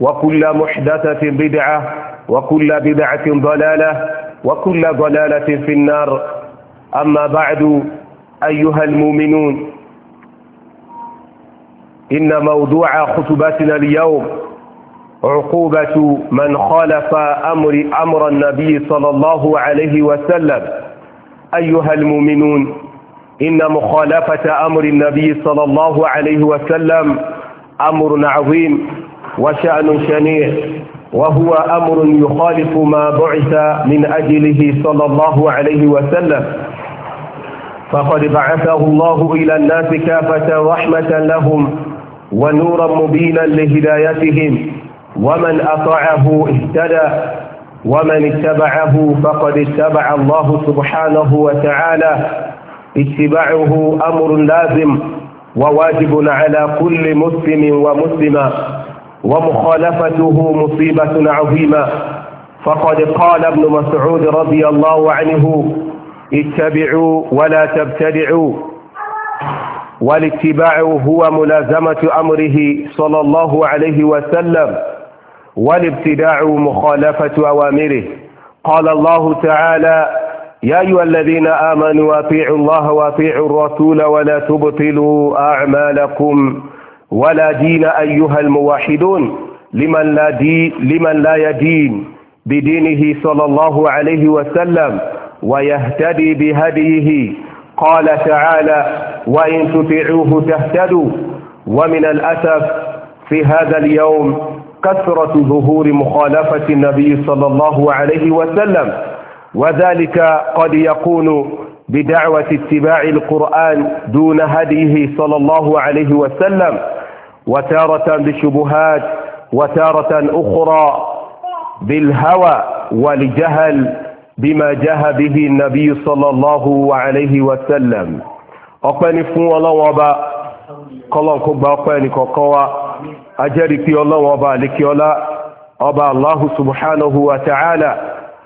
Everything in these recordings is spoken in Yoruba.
وكل محدثة بدعة وكل بدعة ضلالة وكل ضلالة في النار أما بعد أيها المؤمنون إن موضوع خطبتنا اليوم عقوبة من خالف أمر أمر النبي صلى الله عليه وسلم أيها المؤمنون إن مخالفة أمر النبي صلى الله عليه وسلم أمر عظيم وشأن شنيع وهو أمر يخالف ما بعث من أجله صلى الله عليه وسلم فقد بعثه الله إلى الناس كافة رحمة لهم ونورا مبينا لهدايتهم ومن أطاعه اهتدى ومن اتبعه فقد اتبع الله سبحانه وتعالى اتباعه أمر لازم وواجب على كل مسلم ومسلمة ومخالفته مصيبة عظيمة فقد قال ابن مسعود رضي الله عنه اتبعوا ولا تبتدعوا والاتباع هو ملازمة أمره صلى الله عليه وسلم والابتداع مخالفة أوامره قال الله تعالى يا أيها الذين آمنوا أطيعوا الله وأطيعوا الرسول ولا تبطلوا أعمالكم ولا دين أيها الموحدون لمن لا, دين لمن لا يدين بدينه صلى الله عليه وسلم ويهتدي بهديه قال تعالى وإن تطيعوه تهتدوا ومن الأسف في هذا اليوم كثرة ظهور مخالفة النبي صلى الله عليه وسلم وذلك قد يكون بدعوة اتباع القرآن دون هديه صلى الله عليه وسلم وتارة بالشبهات وتارة أخرى بالهوى والجهل بما جاء به النبي صلى الله عليه وسلم ọpẹ́ni fún ọlọ́wọ́n ọba kọlọ́nkó gba ọpẹ́ni kọ̀ọ̀kan wa ajẹ́rìí pé ọlọ́wọ́n ọba àlékiọlá ọba Allahu subhanahu wa ta'ala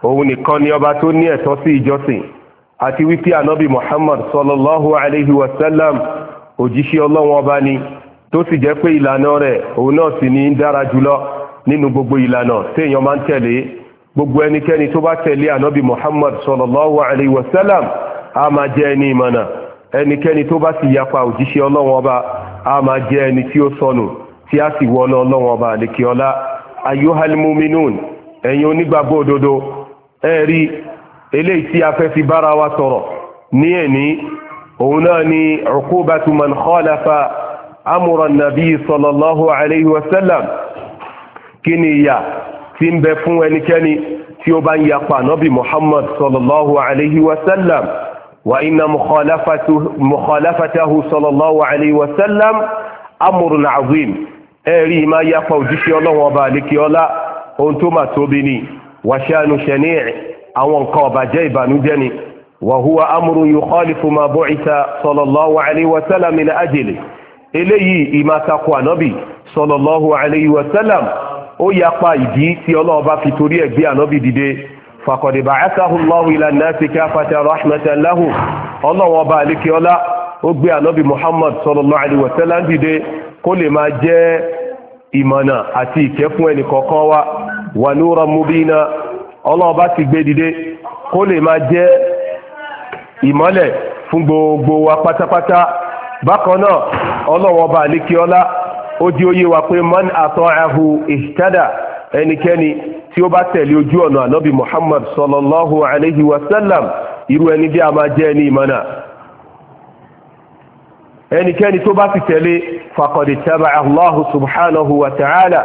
òun nìkan ni ọba tó ní ẹ̀tọ́ sí ìjọsìn àti wípé ànábì Muhammad sallallahu alayhi wa sallam òjíṣẹ́ ọlọ́wọ́n ọba ni tó sì jẹ́ pé ìlànà rẹ̀ òun náà sì ní dára jùlọ nínú gbogbo ìlànà téèyàn máa ń tẹ̀lé gbogbo ẹnikẹ́ni tó bá tẹ̀lé ànábì Muhammad sallallahu alayhi wa sallam a máa jẹ́ ẹni ìmọ̀nà ẹnikẹ́ni tó bá sì yapa òjíṣẹ́ ọlọ́wọ́n ọba a máa jẹ́ ẹni tí ó sọnù tí a sì wọná ọlọ́wọ́n ọba àdékíọ́lá ayyuhal mu'minun ẹ̀yin onígbàgbọ́ òdodo ẹ̀rí eléyìí tí a fẹ́ fi bára wa sọ̀rọ̀ ní ẹ̀ní òun náà ni uqubatu man amúra nàbí sallallahu alayhi wa sallam kí ni ìyà tí ń bẹ fún ẹnikẹ́ni tí ó bá ń yapa nàbí muhammad sallallahu alayhi wa sallam wa inna mukhalafatahu sallallahu alayhi wa sallam amúrun azim ẹ̀rí máa yapa òjíṣẹ́ ọlọ́run ọba àlékiọ́lá ohun tó mà tóbi ni wàṣánu ṣẹ̀níì àwọn nǹkan eléyìí ìmàtakọ ànábì sallallahu alayhi wa sallam ó yapa ìdí tí ọlọ́run bá fi torí ẹ̀ gbé ànábì dìde faqad ba'athahu Allahu ila an-nasi kaffatan rahmatan lahum ọlọ́run ọba àlékiọ́lá ó gbé ànábì Muhammad sallallahu alayhi wa sallam dìde kó lè máa jẹ́ ìmọ̀nà àti ìkẹ́ fún ẹnì kọ̀ọ̀kan wa wa nuran mubina ọlọ́run bá ti gbé dìde kó lè máa jẹ́ ìmọ́lẹ̀ fún gbogbo wa pátápátá bákan náà ọlọ́wọ́ bá alékiọ́lá ó di oyé wa pé man ata'ahu ihtada ẹnikẹ́ni tí ó bá tẹ̀lé ojú ọ̀nà ànábì muhammad sallallahu alayhi wa sallam irú ẹni bí a máa jẹ́ ẹni ìmọ̀nà ẹnikẹ́ni tó bá ti tẹ̀lé faqad taba'a allahu subhanahu wa ta'ala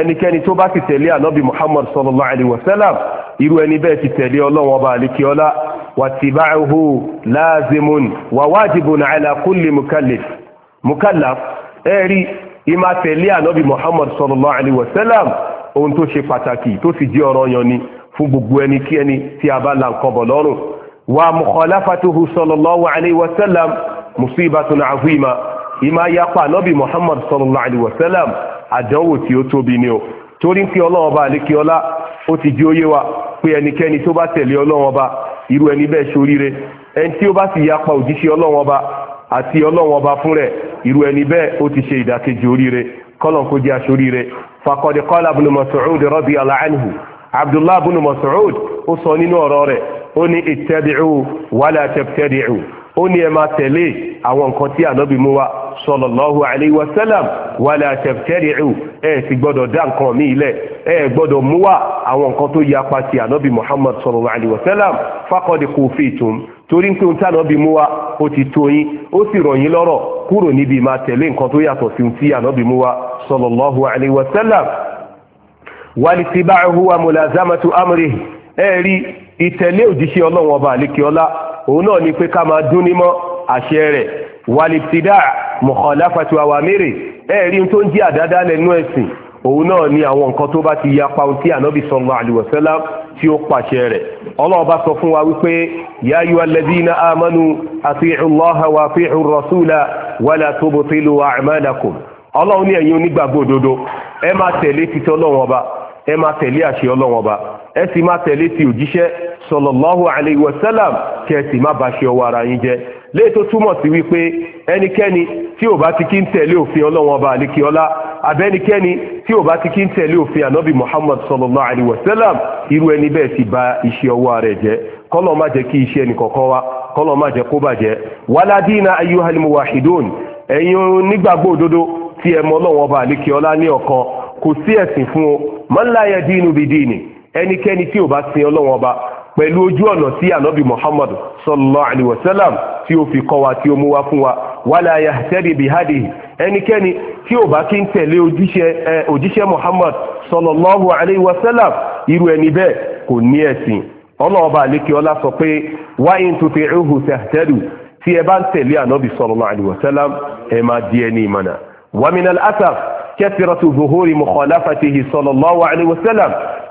ẹnikẹ́ni tó bá ti tẹ̀lé ànábì muhammad sallallahu alayhi wa sallam irú ẹni bẹ́ẹ̀ ti tẹ̀lé ọlọ́wọ́ bá alékiọ́lá wàtìbáhù láàzimun wàwájibun ala kulli mukallaf ẹ̀rí ìmá tẹ̀lé ànábì muhammad sallallahu alayhi wa sallam ohun tó ṣe pàtàkì tó sì jẹ́ ọ̀rọ̀ yan ni fún gbogbo ẹni kí ẹni tí a bá la nǹkan bọ̀ lọ́rùn wa mukhalafatuhu sallallahu alayhi wa sallam musibatun azima ìmá yapa ànábì muhammad sallallahu alayhi wa sallam àdánwò tí ó tóbi ni o torí pé ọlọ́run ọba àlékiọlá ó ti di óyé wa pé ẹnikẹ́ni tó bá tẹ̀lé ọlọ́run ọba irú ẹni bẹ́ẹ̀ ṣoríire ẹni tí ó bá sì yapa òjíṣẹ́ ọlọ́run ọba àti ọlọ́run ọba fún rẹ̀ irú ẹni bẹ́ẹ̀ ó ti ṣe ìdàkejì oríire kọ́lọ̀ kó jẹ́ aṣoríire fàkọ́dé kọ́lá bùnú Mas'ud radiyallahu anhu Abdullah bùnú Mas'ud ó sọ nínú ọ̀rọ̀ rẹ̀ ó ní ittabi'u wala tabtadi'u ó ní ẹ máa tẹ̀lé àwọn nǹkan tí ànábì mú wá sallallahu alayhi wa sallam wala tabtadi'u ẹ sì gbọ́dọ̀ dá nǹkan mi ilẹ̀ ẹ gbọ́dọ̀ mú wá àwọn nǹkan tó yapa ti ànábì muhammad sallallahu alayhi wa sallam faqad kufitum torí pé ohun tí ànábì mú wá ó ti tó yín ó sì rọ̀ yín lọ́rọ̀ kúrò níbi máa tẹ̀lé nǹkan tó yàtọ̀ sí ohun ànábì mú wa sallam walitiba'uhu wa mulazamatu òun náà ni pé ká máa dún nímọ́ àṣẹ rẹ̀ wàlìtìdá mọ̀kànláfàtì àwàmírè ẹ̀ẹ́rí tó ń jẹ́ àdáadáa lẹ́nu ẹ̀sìn òun náà ni àwọn nǹkan tó bá ti ya paun tí ànábì sọ̀rọ̀ àlùwọ̀sẹ́lá tí ó pàṣẹ rẹ̀ ọlọ́run bá sọ fún wa wípé ya ayyuha alladhina amanu ati'u Allaha wa ati'u rasula wala tubtilu a'malakum ọlọ́run ní ẹ̀yin onígbàgbọ́ òdodo ẹ máa tẹ̀lé títọ́ ọlọ́run ọba ẹ máa tẹ̀lé àṣẹ ọlọ́run ọba ẹ sì máa tẹ̀lé ti òjíṣẹ́ sallallahu alayhi wa sallam kí ẹ sì má ba ṣe ọwọ́ ara yín jẹ́ léè tó túmọ̀ sí wípé ẹnikẹ́ni tí ò bá ti kí ń tẹ̀lé òfin ọlọ́wọ́n ọba àlékiọlá abẹ́nikẹ́ni tí ò bá ti kí ń tẹ̀lé òfin ànábì Muhammad sallallahu alayhi wa sallam irú ẹni bẹ́ẹ̀ sì ba iṣẹ́ ọwọ́ rẹ̀ jẹ́ kọ́lọ́ má jẹ́ kí iṣẹ́ ẹnìkọ̀ọ̀kan wa kọ́lọ́ ẹnikẹ́ni tí ò bá sin ọlọ́wọ́n ọba pẹ̀lú ojú ọ̀nà tí ànábì muhammad sallallahu alayhi wa sallam tí ó fi kọ́ wa tí ó mú wa fún wa wala yahtadi bihadihi ẹnikẹ́ni tí ò bá kí ń tẹ̀lé òjíṣẹ́ muhammad sallallahu alayhi wa sallam irú ẹni bẹ́ẹ̀ kò ní ẹ̀sìn ọlọ́ọ̀ba àlékè ọlá sọ pé wa in tuti'uhu tahtadu tí ẹ bá ń tẹ̀lé ànábì sallallahu alayhi wa sallam ẹ máa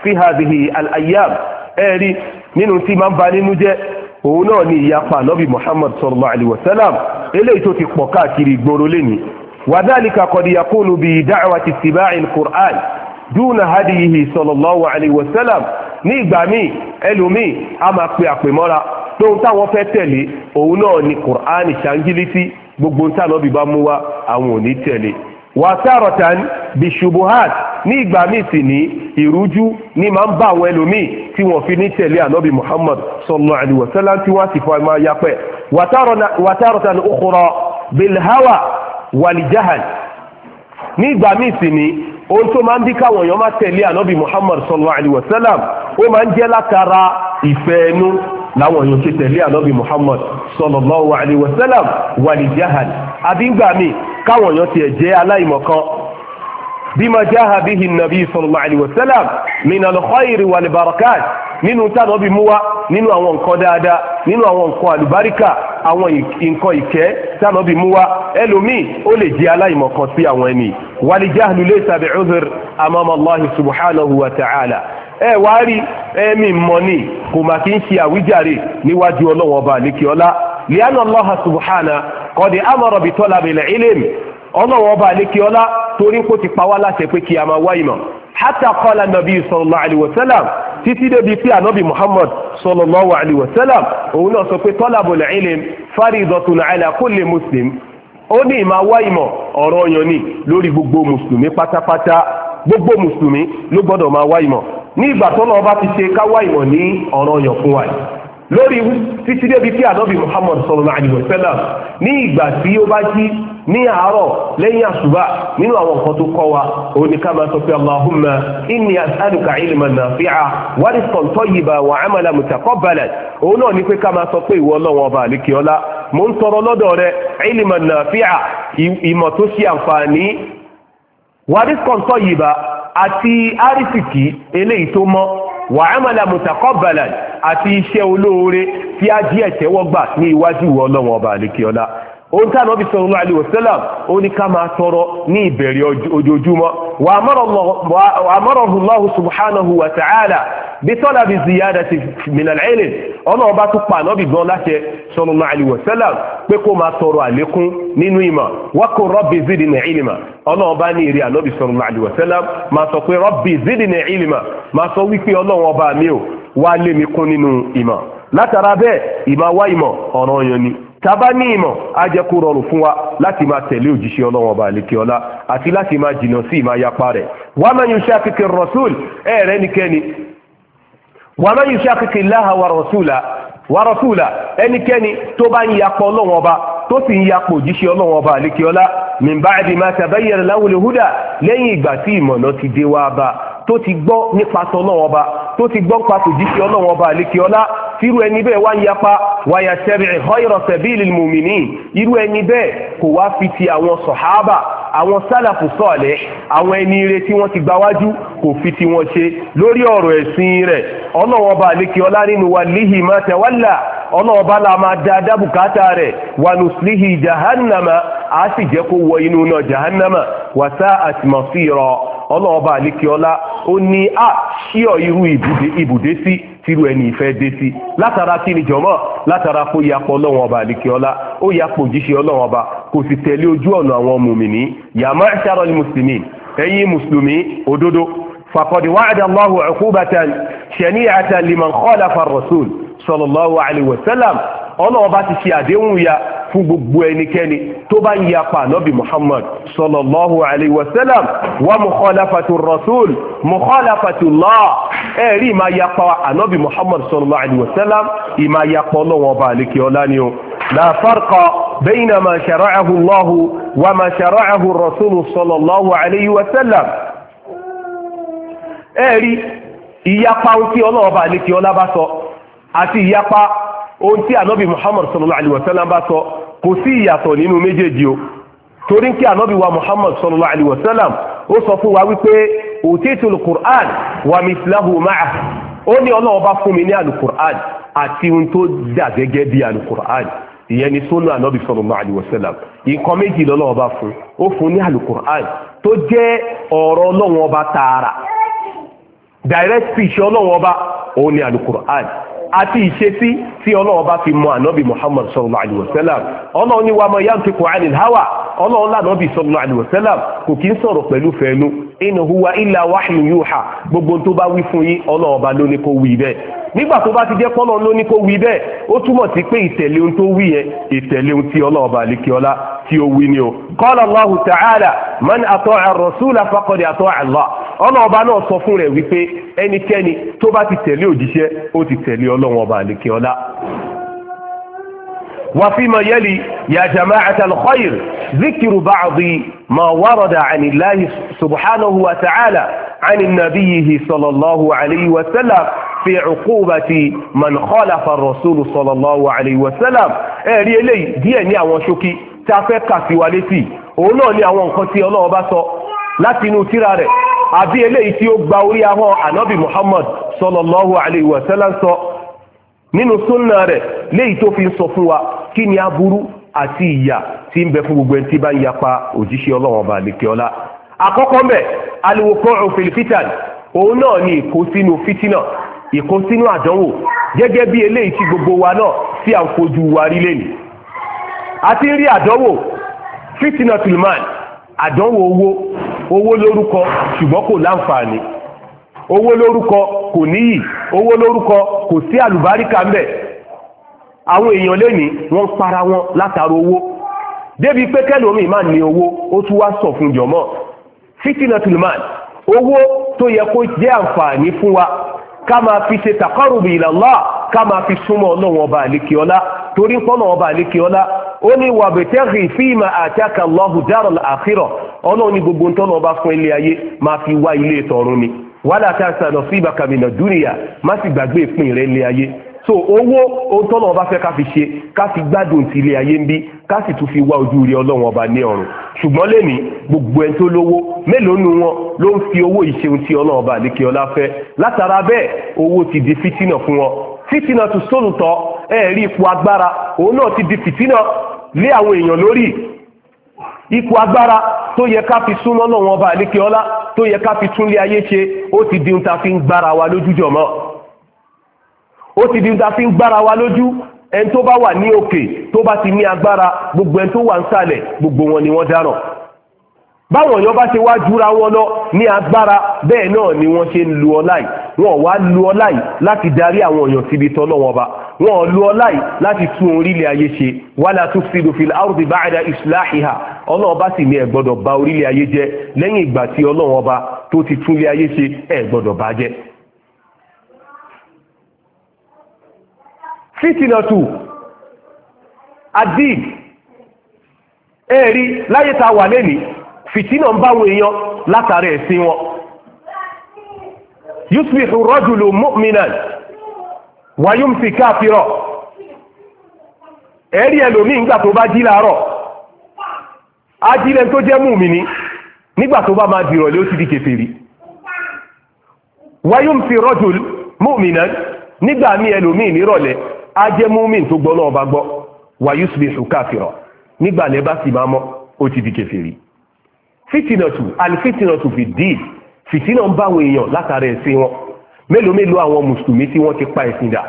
fi hadhihi al-ayyam ẹ̀rí nínú tí máa ń ba nínú jẹ́ òun náà ni ìyapa ànábì muhammad sallallahu alayhi wa sallam eléyìí tó ti pọ̀ káàkiri ìgboro lẹ́ni wadhalika qad yakunu bi da'wati ittiba'i al-qur'an dúnà hadiyihi sallallahu alayhi wa sallam ní ìgbà míì ẹlòmíì a máa pe àpèmọ́ra tóun táwọn fẹ́ tẹ̀lé òun náà ni qur'an ṣàǹgílítì gbogbo ntànàbì bá mú wa àwọn ò tẹ̀lé wàtàrọ̀tàn bishubuhat ní ìgbà míì sì ní ìrújú ní máa ń bá àwọn ẹlòmíì tí wọ́n fi ní tẹ̀lé ànábì muhammad sallallahu alaihi wasallam tí wọ́n sì fọ́ ẹ máa yapẹ́ wàtàrọ̀tàn ukhra bilhawa walijahal ní ìgbà míì sì ní ohun tó máa ń bí káwọn èèyàn máa tẹ̀lé ànábì muhammad sallallahu alaihi ó máa ń jẹ́ látara ìfẹ́ ẹnu láwọn yóò ṣe tẹ̀lé ànábì Muhammad sallallahu alaihi wasallam wàlìjáhàn àbígbà mi káwọn yóò tiẹ̀ jẹ́ aláìmọ̀kan bima jaha bihi nabi sallallahu alaihi wasallam min al-khayri wal barakat nínú tánà bí mú wá nínú àwọn nǹkan dáadáa nínú àwọn nǹkan àlùbáríkà àwọn nǹkan ìkẹ́ tánà bí mú wá ẹlòmíì ó lè jẹ́ aláìmọ̀kan sí àwọn ẹni wàlìjáhàn lè tàbí udhr amama Allah subhanahu wa ta'ala ẹ wá rí ẹ̀mí mọ̀ ni kò mà kí ń ṣe àwíjàre níwájú ọlọ́wọ́n ọba àlékiọ́lá li'anna Allaha subhana qad amara bi talabil ilm ọlọ́wọ́n ọba àlékiọ́lá torí kó ti pa wá láṣẹ pé kí a máa wá ìmọ̀ hatta qala nabi sallallahu alayhi wa sallam títí débi pé anabi muhammad sallallahu alayhi wa sallam òun náà sọ pé talabul ilm faridatun ala kulli muslim ó ní ìmọ̀ wá ìmọ̀ ọ̀ranyàn ni lórí gbogbo mùsùlùmí pátápátá gbogbo mùsùlùmí ló gbọ́dọ̀ máa wá ìmọ̀ ní ìgbà tó náà bá ti ṣe káwá ìmọ̀ ní ọ̀rọ̀ yàn fún wa lórí títí débi kí ànábì Muhammad sallallahu alaihi wa sallam ní ìgbà tí ó bá jí ní àárọ̀ lẹ́yìn àṣùbà nínú àwọn nǹkan tó kọ́ wa ó ní ká máa sọ pé Allahumma inni as'aluka ilman nafi'a wa rizqan tayyiba wa 'amalan mutaqabbalan òun náà ní pé ká máa sọ pé ìwọ ọlọ́wọ́n ọba àlékiọ́lá mo ń tọrọ lọ́dọ̀ rẹ ilman nafi'a ìmọ̀ tó ṣe àǹfààní wa rizqan àti árísìkì eléyìí tó mọ́ wà ámàlà mùtàkọ́bàlà àti iṣẹ́ olóore tí á jí ẹ̀tẹ́wọ́gbà ní iwájú ọlọ́wọ́n ọba àlékíọlá ohun tí ànábì sallallahu alayhi wa sallam ó ní ká máa tọrọ ní ìbẹ̀rẹ̀ ojoojúmọ́ wa amarahu Allahu subhanahu wa ta'ala bí talabi ziyadati minal ilm ọ̀nà ọba tó pa ànábì gan láṣẹ sallallahu alayhi wa pé kó máa tọrọ àlékún nínú ìmọ̀ wa qul rabbi zidni ilma ọ̀nà ọba ní èrè ànábì sallallahu alayhi wa sallam máa sọ pé rabbi zidni ilma máa sọ wípé ọlọ́run ọba mi ò wá lé mi kún nínú ìmọ̀ látara bẹ́ẹ̀ ìmọ̀ wá ìmọ̀ ọ̀ràn yẹn ni Taba ní ìmọ̀ á jẹ́ kó rọrùn fún wa láti máa tẹ̀lé òjíṣẹ́ ọlọ́wọ́n ọba àlekè ọlá àti láti máa jìnnà sí ìmáa yapa rẹ̀ wa man yushaqiqi ar-rasul ẹ̀rẹ́ nìkẹ́ni wa man yushaqiqi Allaha wa rasula wa rasula ẹnikẹ́ni tó bá ń yapa ọlọ́wọ́n ọba tó sì ń yapa òjíṣẹ́ ọlọ́wọ́n ọba àlekè ọlá min ba'di ma tabayyana lahu al-huda lẹ́yìn ìgbà tí ìmọ̀nà ti dé wá bá tó ti gbọ́ nípa tọ́lọ́wọ́n ọba tó ti gbọ́ nípa tòjíṣẹ́ ọlọ́wọ́n ọba àlekè ọlá tírú ẹni bẹ́ẹ̀ wá ń yapa wàyà tẹ̀rẹ̀ ọ̀yọ̀rọ̀ sẹ̀bíìlì mùmìnì irú ẹni bẹ́ẹ̀ kò wá fi ti àwọn sọ̀hábà àwọn sálàfù sọ̀ọ̀lẹ́ àwọn ẹni ire tí wọ́n ti gbáwájú kò fi ti wọn ṣe lórí ọ̀rọ̀ ẹ̀sìn rẹ̀ ọlọ́wọ́n bá lékè ọlá nínú wa líhì máa tẹ̀ wálà ọlọ́wọ́n bá la máa da dábùkátà rẹ̀ wà nùsùlíhì jahannama a sì jẹ́ kó wọ inú náà jahannama wàsá àtìmọ̀sí rọ ọlọ́wọ́n bá lékè ọlá ó ní à ṣíọ̀ irú ibùdé sí tírú ẹni ìfẹ́ dé sí látara kí ni jọ̀mọ́ látara kó yapọ̀ ọlọ́wọ́n ọba àdìkẹ́ ọlá ó yapọ̀ òjíṣẹ́ ọlọ́wọ́n ọba kò sì tẹ̀lé ojú ọ̀nà àwọn mùmìnì yàmá ṣàròlì mùsùlùmí ẹ̀yin mùsùlùmí òdodo fàkọ̀dì wa'ada Allahu uqubatan shani'atan liman khalafa ar-rasul sallallahu alayhi wa sallam ọlọ́wọ́n bá ti ṣe àdéhùn ya fún gbogbo ẹnikẹ́ni tó bá ń yapa nabi muhammad sallallahu alayhi wa sallam wa mukhalafatu rasul mukhalafatu allah ẹ̀rí ìmá yapa anabi muhammad sallallahu alayhi wa sallam ìmá yapa ọlọ́wọ́n ọba àlekè ọlá ni o la farqa bayna ma shara'ahu allah wa ma shara'ahu rasul sallallahu alayhi wa ẹ̀rí ìyapa ohun tí ọlọ́wọ́n ọba àlekè ọlá bá sọ àti ìyapa ohun tí anabi muhammad sallallahu alayhi wa sallam bá sọ kò sí ìyàtọ̀ nínú méjèèjì o torí kí anabi wa muhammad sallallahu alayhi wa sallam ó sọ fún wa wípé òtítù alukur'an wà mislahu ma'a ó ní ọlọ́wọ́ bá fún mi ní alukur'an àti ohun tó dà gẹ́gẹ́ bí alukur'an ìyẹn ni sunna anabi sallallahu alayhi wa sallam nǹkan méjì lọ́lọ́wọ́ bá fún ó fún ní alukur'an tó jẹ́ ọ̀rọ̀ ọlọ́wọ́ bá tààrà direct speech ọlọ́wọ́ bá òun ní alukur'an àti ìṣesí tí ọlọ́run bá fi mọ ànábì muhammad sallallahu alayhi wa sallam ọlọ́run ní wa ma yantiqu anil hawa ọlọ́run lànàbì sallallahu alayhi wa sallam kò kí ń sọ̀rọ̀ pẹ̀lú fẹ́nu in huwa illa wahyun yuha gbogbo tó bá wí fún yín ọlọ́run bá ló ní kó wí bẹ́ẹ̀ nígbà tó bá ti jẹ́ pọ́lọ́run ló ní kó wí bẹ́ẹ̀ ó túmọ̀ sí pé ìtẹ̀lé ohun tó wí yẹn ìtẹ̀lé ohun tí ọlọ́run bá tí ó wí ni o qala Allahu ta'ala man ata'a ar-rasula faqad ata'a ọlọ́ọ̀ba náà sọ fún rẹ̀ wípé ẹnikẹ́ni tó bá ti tẹ̀lé òjíṣẹ́ ó ti tẹ̀lé ọlọ́wọ́n ọba àlekè ọlá وفيما يلي يا جماعة الخير ذكر بعض ما ورد عن الله سبحانه وتعالى عن النبي صلى الله عليه وسلم في عقوبة من خالف الرسول صلى الله عليه وسلم ẹ̀rí eléyìí díẹ̀ ní àwọn ṣókí tí a fẹ́ kà sí wa létí òun náà ní àwọn nǹkan tí Ọlọ́run bá sọ láti inú tírà rẹ̀ àbí eléyìí tí ó gba orí ahọ́n anabi muhammad sallallahu alayhi wa sallam sọ nínú súnà rẹ̀ léyìí tó fi ń sọ fún wa kí ni aburú àti ìyà tí ń bẹ fún gbogbo ẹni tí bá ń yapa òjíṣẹ́ ọlọ́run ọba àlekèọlá àkọ́kọ́ mbẹ aliwokọ filifitan òun náà ni ìkó sínú fitina ìkó sínú àdánwò gẹ́gẹ́ bí eléyìí tí gbogbo wa náà sí à wa rí lẹ́nu àti rí àdánwò fitina tulman àdánwò owó owó lórúkọ ṣùgbọ́n kò láǹfààní owó lórúkọ kò níyì owó lórúkọ kò sí àlùbáríkà ńbẹ àwọn èèyàn lẹ́ni wọ́n para wọn látara owó débi pé kẹ́lòmíì máa ní owó ó tún wá sọ fún fifty fitinatul man owó tó yẹ kó jẹ́ àǹfààní fún wa ká máa fi ṣe taqarrubi ila Allah ká máa fi súnmọ́ ọlọ́wọ́n ọba àlékiọ́lá torí ń pọ́nà ọba àlékiọ́lá ó ní wà bẹ̀tẹ́rì fíìmà àtàkà lọ́hùn dáràn àkírọ̀ ọlọ́run ní gbogbo ntọ́nà ọba fún ilé ayé máa fi wá ilé ìtọ̀run ni wàhálà tá a sàn lọ sí ìbàkàmìnà dúnìyà má sì gbàgbé ìpín rẹ̀ ilé ayé so owó ntọ́nà ọba fẹ́ ká fi ṣe ká fi gbádùn ti ilé ayé ń bí ká sì tún fi wá ojú rí ọlọ́run ọba ní ọ̀run ṣùgbọ́n lẹ́ni gbogbo ẹni tó lówó mélòó nu wọn ló ń fi owó ìṣeun tí ọlọ́run ọba àdékè ọlá fẹ́ látara bẹ́ẹ̀ owó ti di fítínà fún wọn fitina tó sólùtọ́ ẹ̀rí ipò agbára òun náà ti di fitina lé àwọn èèyàn lórí ipò agbára tó yẹ ká fi súnmọ́ náà wọn bá àlékè ọlá tó yẹ ká fi túnlé ayé ṣe ó ti di ohun fi ń gbára wa lójú jọ̀mọ́ ó ti di ohun fi ń gbára wa lójú ẹni tó bá wà ní òkè tó bá ti ní agbára gbogbo ẹni tó wà ń sàlẹ̀ gbogbo wọn ni wọ́n dáràn báwọn èèyàn bá ṣe wá jura wọn lọ ní agbára bẹ́ẹ̀ náà ni wọ́n ṣe ń lu ọlá wọn wá lu ọlá yìí láti darí àwọn èèyàn síbi tọ́lọ́wọ́n ọba wọn lu ọlá yìí láti tún orílẹ̀ ayé ṣe wala tufsidu fil ardi ba'da islahiha ọlọ́run ọba sì ní ẹ gbọ́dọ̀ bà orílẹ̀ ayé jẹ lẹ́yìn ìgbà tí ọlọ́run tó ti túnlé ayé ṣe ẹ̀gbọ́dọ̀ bà jẹ́. fitinatu adid ẹ̀rí láyé tá a wà lẹ́nìí ń èèyàn látàrí ẹ̀sìn wọn yusbihu rọ́jùlù mu'minan wayumsi káfírọ̀ ẹ̀rí ẹlòmíì nígbà tó bá jí láàárọ̀ ajílẹ̀ tó jẹ́ mùmíní nígbà tó bá máa dìrọ̀ lé ó ti di kèfèrí wayumsi rọ́jùlù mu'minan nígbà míì ẹlòmíì nírọ̀lẹ́ á jẹ́ mùmín tó gbọ́ náà bá gbọ́ wayusbihu káfírọ̀ nígbà lẹ́ sì máa mọ́ ó ti di kèfèrí fìtínà ń bá àwọn èèyàn látara ẹ̀sìn wọn mélòó mélòó àwọn mùsùlùmí tí wọ́n ti pa ẹ̀sìn dà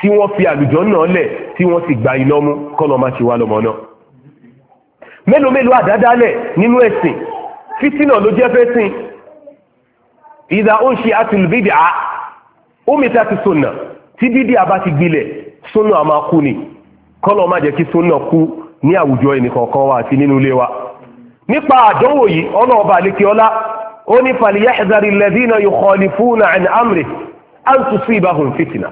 tí wọ́n fi àlùjọ náà lẹ̀ tí wọ́n sì gba iná mú kọ́nà má ṣe wá lọ́mọ náà mélòó mélòó àdádálẹ̀ nínú ẹ̀sìn fìtínà ló jẹ́ fẹ́ sìn ìdá ó ń ṣe àtìlùbídì á ó mẹ́ta ti sọnà tí bídì á bá ti gbilẹ̀ sọnà á máa kú ni kọ́nà má jẹ́ kí sọnà kú ní àwùjọ ẹnìkọ̀ọ̀kan wa àti nínú ilé wa nípa àdánwò yìí ọlọ́ọ̀ba àlekè ọlá ó ní fàlìyàḥzari lẹ́dínà yukhalifuna an amri an tusibahum fitna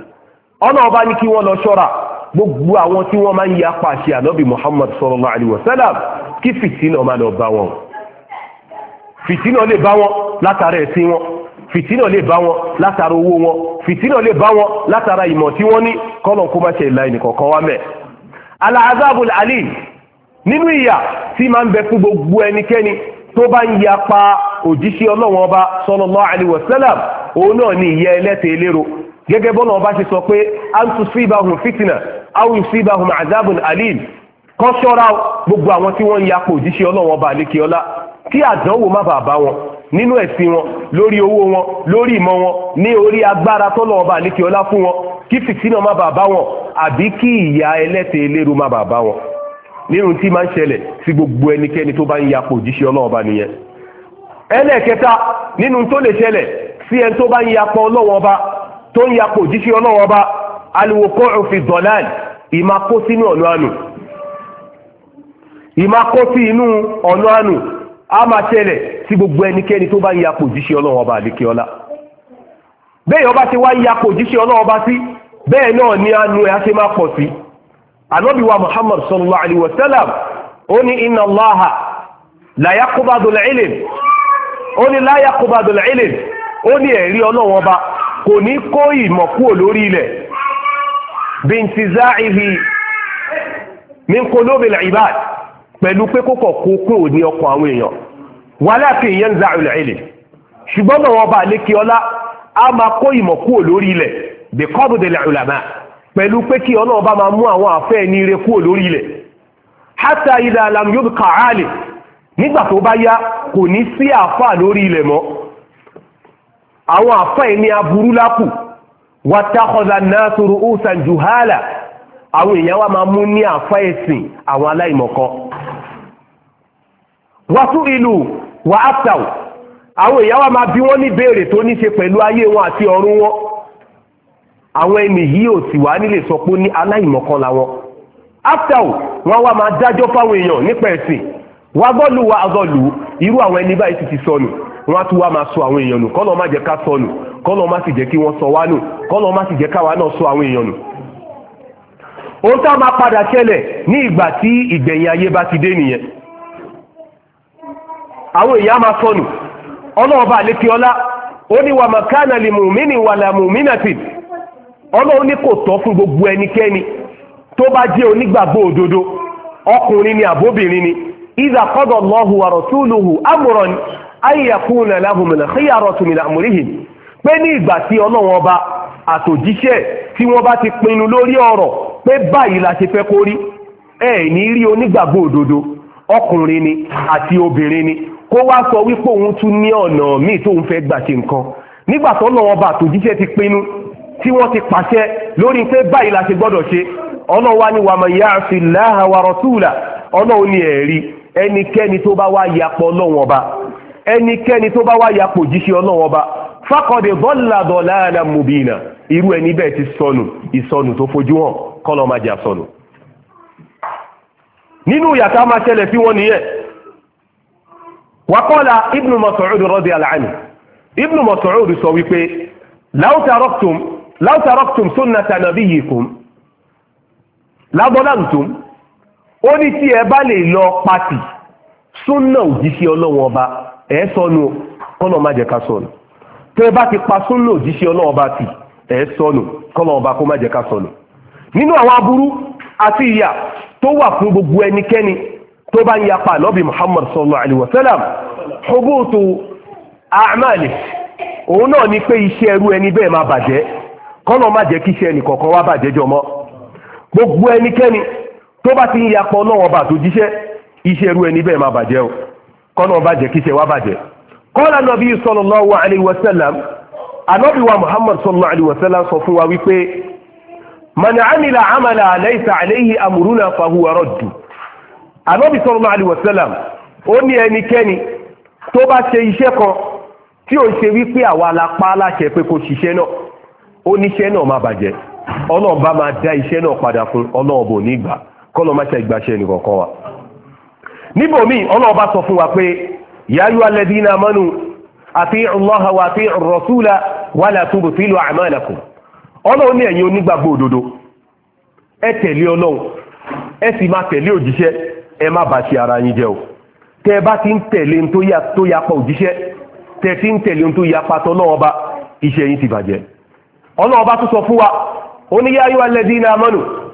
ọ̀nà ọba ní kí wọ́n lọ ṣọ́ra gbogbo àwọn tí wọ́n máa ń ya pàṣẹ ànábì muhammad sallallahu alayhi wa sallam kí fìtínà máa lọ bá wọn fìtínà lè bá wọn látara ẹ̀sìn wọn fìtínà lè bá wọn látara owó wọn fìtínà lè bá wọn látara ìmọ̀ tí wọ́n ní kọ́lọ̀ kó má ṣe ìlà tó bá ń ya òjíṣẹ́ ọlọ́run ọba sallallahu alaihi wasallam òun náà ni ìyẹ́ ẹlẹ́tẹ̀ eléro gẹ́gẹ́ bọ́lá ọba ṣe sọ pé an tusibahum fitna aw yusibahum azabun alim kọ́ ṣọ́ra gbogbo àwọn tí wọ́n ń yapa òjíṣẹ́ ọlọ́run ọba àlékiọlá kí àdánwò má bàa bá wọn nínú ẹ̀sìn wọn lórí owó wọn lórí ìmọ̀ wọn ní orí agbára tọ́lọ́ ọba àlékiọlá fún wọn kí fìtínà má bàa bá wọn àbí kí ìyà ẹlẹ́tẹ̀ eléro má bàa bá wọn nínú tí máa ń ṣẹlẹ̀ sí gbogbo ẹnikẹ́ni tó bá ń yapa òjíṣẹ́ ọlọ́run ọba nìyẹn ẹlẹ́ẹ̀kẹta nínú tó lè ṣẹlẹ̀ sí ẹni tó bá ń yapọ̀ ọlọ́wọ́n ọba tó ń yapọ̀ òjíṣẹ́ ọlọ́wọ́n ọba aliwokọ́ òfin dọ̀láàlì ìmá sínú ọ̀nà gbogbo ẹnikẹ́ni tó bá ń yapọ̀ òjíṣẹ́ ọlọ́wọ́n ọba àlékeọ́lá bẹ́ẹ̀ ọba ti wá ń yapọ̀ òjíṣẹ́ ọlọ́wọ́n sí bẹ́ẹ̀ náà ni àánú ẹ̀ á ṣe máa pọ̀ sí wa muhammad sallallahu alayhi wa sallam ó ní la ó ní láyà kó bá dọ̀là ilé ó ní ẹ̀rí ọba kò ní kó ìmọ̀ kúrò lórí ilẹ̀ bíntìzá ihi ní kó ibad pẹ̀lú pé kókọ̀ kó kó ní ọkọ̀ àwọn èèyàn wàhálà kì í ń zá ìlú ṣùgbọ́n náà wọn bá lékè ọlá a máa kó ìmọ̀ kúrò lórí ilẹ̀ bí kọ́bù dẹ̀lẹ̀ ìlànà pẹ̀lú pé kí ọlọ́ọ̀bá máa mú àwọn àfẹ́ ní ire kúrò lórí ilẹ̀ nígbà tó bá yá kò ní sí àáfà lórí ilẹ̀ mọ́ àwọn àáfà yìí ní aburú lápù wàtàkọ̀dà náà sọ̀rọ̀ ọ̀sán juhala àwọn èèyàn wa máa mú ní àáfà ẹ̀sìn àwọn aláìmọ̀kan wàtú ìlú wà áptàù àwọn èèyàn wa máa bí wọ́n ní béèrè tó ní ṣe pẹ̀lú ayé wọn àti ọ̀run wọn àwọn ẹni yìí ò sì wá nílé sọ pé ní aláìmọ̀kan làwọn áptàù wọn wá máa dájọ́ fáwọn èèyàn nípa ẹ̀sìn wa gọ́lù wà gọ́lù irú àwọn ẹni báyìí ti ti sọnù wọ́n á tún wá máa sọ àwọn èèyàn nù kọ́lọ́ má jẹ́ ká sọnù kọ́lọ́ kí wọ́n sọ wá nù kọ́lọ́ má sì jẹ́ káwa náà sọ àwọn èèyàn nù. ohun tá a máa padà ṣẹlẹ̀ ní ìgbà tí ìgbẹ̀yìn ti dé nìyẹn àwọn èèyàn máa sọnù ọlọ́ọ̀bá ó ní lè إذا قضى الله ورسوله أمرا أن يكون لهم الخيارة من أمرهم pé باتي الله tí ọlọ́wọ́n ọba àtòjíṣẹ́ tí لوري bá ti pinnu lórí ọ̀rọ̀ pé báyìí la ṣe fẹ́ kó rí ẹ ní rí onígbàgbọ́ òdodo ọkùnrin ni àti obìnrin ni kó wá sọ wípé òun tún ní ọ̀nà míì tóun fẹ́ gbà ṣe nǹkan nígbà tí ọlọ́wọ́n ọba àtòjíṣẹ́ ti pinnu tí wọ́n ti pàṣẹ lórí pé báyìí la ṣe gbọ́dọ̀ ṣe ọlọ́wọ́ ni wàmọ̀ yáa fi láhàwárọ̀ túùlà ọlọ́wọ́ ni ẹ̀rí ẹnikẹ́ni tó bá wá yapọ̀ ọlọ́wọ́n ọba ẹnikẹ́ni tó bá wá yapọ̀ òjíṣẹ́ ọlọ́wọ́n ọba fákọ̀dé bọ́lá dọ̀lá àlà mùbìnà irú ẹni bẹ́ẹ̀ ti sọnù ìsọnù tó fojú hàn kọ́lọ́ máa jà sọnù. nínú yàtá máa ṣẹlẹ̀ sí wọn nìyẹn wàkọ́lá ibnu Mas'ud radiyallahu anhu ibnu Mas'ud sọ wípé law taraktum law taraktum ó ní tí ẹ bá lè lọ pàtì súnà òjíṣẹ́ ọlọ́wọ́n ọba ẹ̀ sọnù kọ́nà má jẹ́ ká sọnù ẹ bá ti pa súnà òjíṣẹ́ ọlọ́wọ́n ọba tì sọnù kọ́nà ọba kó má jẹ́ ká sọnù nínú àwọn aburú àti ìyà tó wà fún gbogbo ẹnikẹ́ni tó bá ń yapa ànábì Muhammad Sọlọ alayhi wa sallam a'mali òun náà ni pé iṣẹ́ ẹrú ẹni bẹ́ẹ̀ tó bá ti ń yapọ̀ ọlọ́wọ́ bá tó jíṣẹ́ iṣẹ́ irú ẹni bẹ́ẹ̀ máa bàjẹ́ o kọ́nà bàjẹ́ kíṣẹ́ wá bàjẹ́ kọ́lá nàbí sallallahu alayhi wa sallam anábì wa muhammad sallallahu alayhi wa sallam sọ fún wa wípé man amila amala laysa alayhi amruna fahuwa raddu anábì sallallahu alayhi wa sallam ó ní ẹnikẹ́ni tó bá ṣe iṣẹ́ kan tí ó ṣe wípé àwa la pa á láṣẹ pé kó ṣiṣẹ́ náà ó níṣẹ́ náà máa bàjẹ́ ọlọ́run máa dá iṣẹ́ náà padà fún ọlọ́run bò kọlọ má ṣe ìgbàṣẹ́ ẹnìkọ̀ọ̀kan wa níbòmí ọlọ́ọ̀bá sọ fún wa pé yáyú alẹ́dínà amanu àti Allah wa àti rọ̀súlà wà látúbù sí ìlú àmàlàkù ọlọ́run ní ẹ̀yin onígbàgbọ́ òdodo ẹ tẹ̀lé ọlọ́run ẹ sì máa tẹ̀lé òjíṣẹ́ ẹ má bá ṣe ara yín jẹ o tẹ ẹ bá ti ń tẹ̀lé tó tó òjíṣẹ́ wa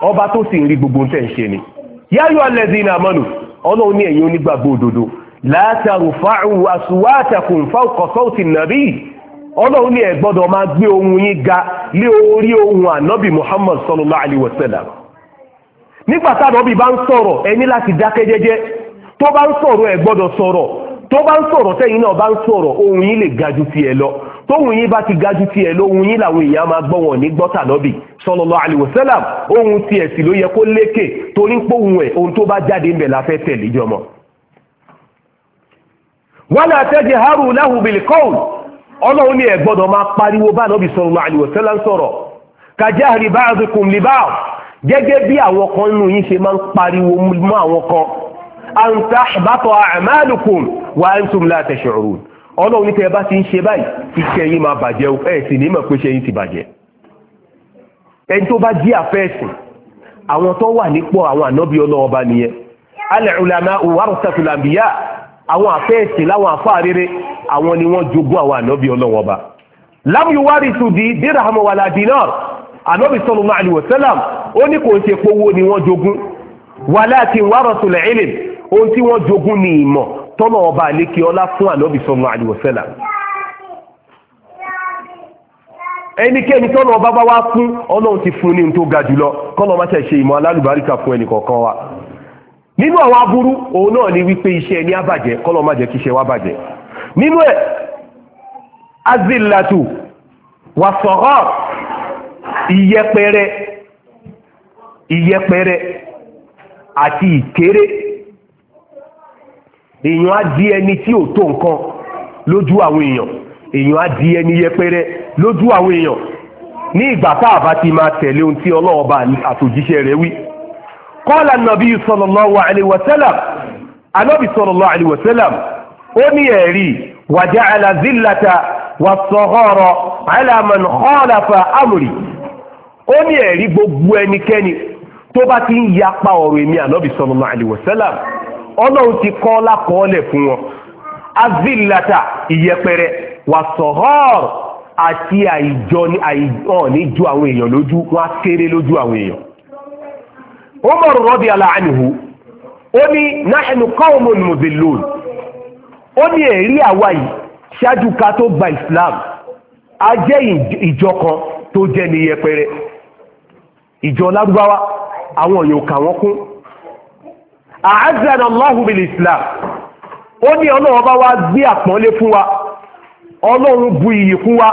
ọba tó sì ń rí gbogbo tẹ́ ń ṣe ni yáyọ alẹ́dí iná àmọ́nù ọlọ́run ní ẹ̀yin onígbàgbọ́ òdodo látàrú fáwọn àsùwátàkùn fáwọkọ̀sọ́ọ̀tì nàbí ọlọ́run ní ẹ gbọ́dọ̀ máa gbé ohun yín ga lé orí ohun ànábì muhammad sallallahu alayhi wa sallam nígbà bá ń sọ̀rọ̀ ẹ láti dákẹ́ jẹ́jẹ́ tó bá ń ohun yín lè ga ju tiẹ̀ tóhun yín bá ti ga ju tiẹ̀ lóhun yín làwọn èèyàn máa gbọ́ wọn ní gbọ́tà lọ́bì sọlọlọ alaihi ohun tiẹ̀ sì ló yẹ kó lékè torí póhun ẹ̀ ohun tó bá jáde ń bẹ̀ la fẹ́ tẹ̀lé jọmọ. lahu ọlọ́run ẹ̀ gbọ́dọ̀ máa pariwo bá lọ́bì sọ̀rọ̀ gẹ́gẹ́ bí àwọn kan yín ṣe máa pariwo àwọn kan ọlọ́run ní tẹ́ ẹ bá ti ń ṣe báyìí iṣẹ́ yín máa bàjẹ́ o ẹ̀ sì ní mọ̀ pé iṣẹ́ yín ti bàjẹ́ ẹni tó bá jí àfẹ́ẹ̀sìn àwọn tó wà nípò àwọn ànábì ọlọ́wọ́ bá nìyẹn al-ulama warasatul anbiya àwọn àfẹ́ẹ̀sìn láwọn àfáà rere àwọn ni wọ́n jogún àwọn ànábì ọlọ́wọ́ bá lam yuwarisu di dirham wala dinar ànábì sallallahu alaihi wasallam ó ní kò ń ṣe pé owó ni wọ́n jogún walakin tọ́nà ọba àlékè ọlá fún ànábì sallallahu alaihi ẹnikẹ́ni ọba bá wá fún ọlọ́run ti fún ní tó ga jùlọ má ṣe ṣe ìmọ̀ alálùbáríkà fún ẹnì kọ̀ọ̀kan wa nínú àwọn aburú òun náà ni wípé iṣẹ́ ẹni á bàjẹ́ kọ́nà má jẹ́ kí iṣẹ́ wa bàjẹ́ nínú ẹ̀ azilatu ìyẹpẹrẹ ìyẹpẹrẹ àti ìkéré èèyàn á di ẹni tí ò tó nǹkan lójú àwọn èèyàn èèyàn á di ẹni yẹpẹrẹ lójú àwọn èèyàn ní ìgbà tá a bá ti máa tẹ̀lé ohun tí ọlọ́wọ́ àtòjíṣẹ́ rẹ̀ wí. kọ́lá nàbí sallallahu alaihi wasallam anábì sallallahu alaihi wasallam ó ní ẹ̀rí wàjá alazílata wàsọ̀họ́rọ̀ alaman khalafa amri ó ní ẹ̀rí gbogbo ẹnikẹ́ni tó bá ti ń yapa ọ̀rọ̀ èmi anábì sallallahu alaihi wasallam ọlọ́run ti kọ́ lákọọ́lẹ̀ fún wọn azilata ìyẹpẹrẹ wàsọ̀họ́r àti àìjọ ní àìjọ ju àwọn èèyàn lójú wọn á kéré lójú àwọn èèyàn Umar radiyallahu anhu ó ní nahnu qawmun muzillun ó ní èrí àwa yìí ṣáájú ká tó gba Islam a jẹ́ ìjọ kan tó jẹ́ ní yẹpẹrẹ ìjọ lárúbáwá àwọn èèyàn àázẹ́nà Allahu bil Islam ó ní ọlọ́run bá wá gbé àpọ́nlé fún wa ọlọ́run bu iyì fún wa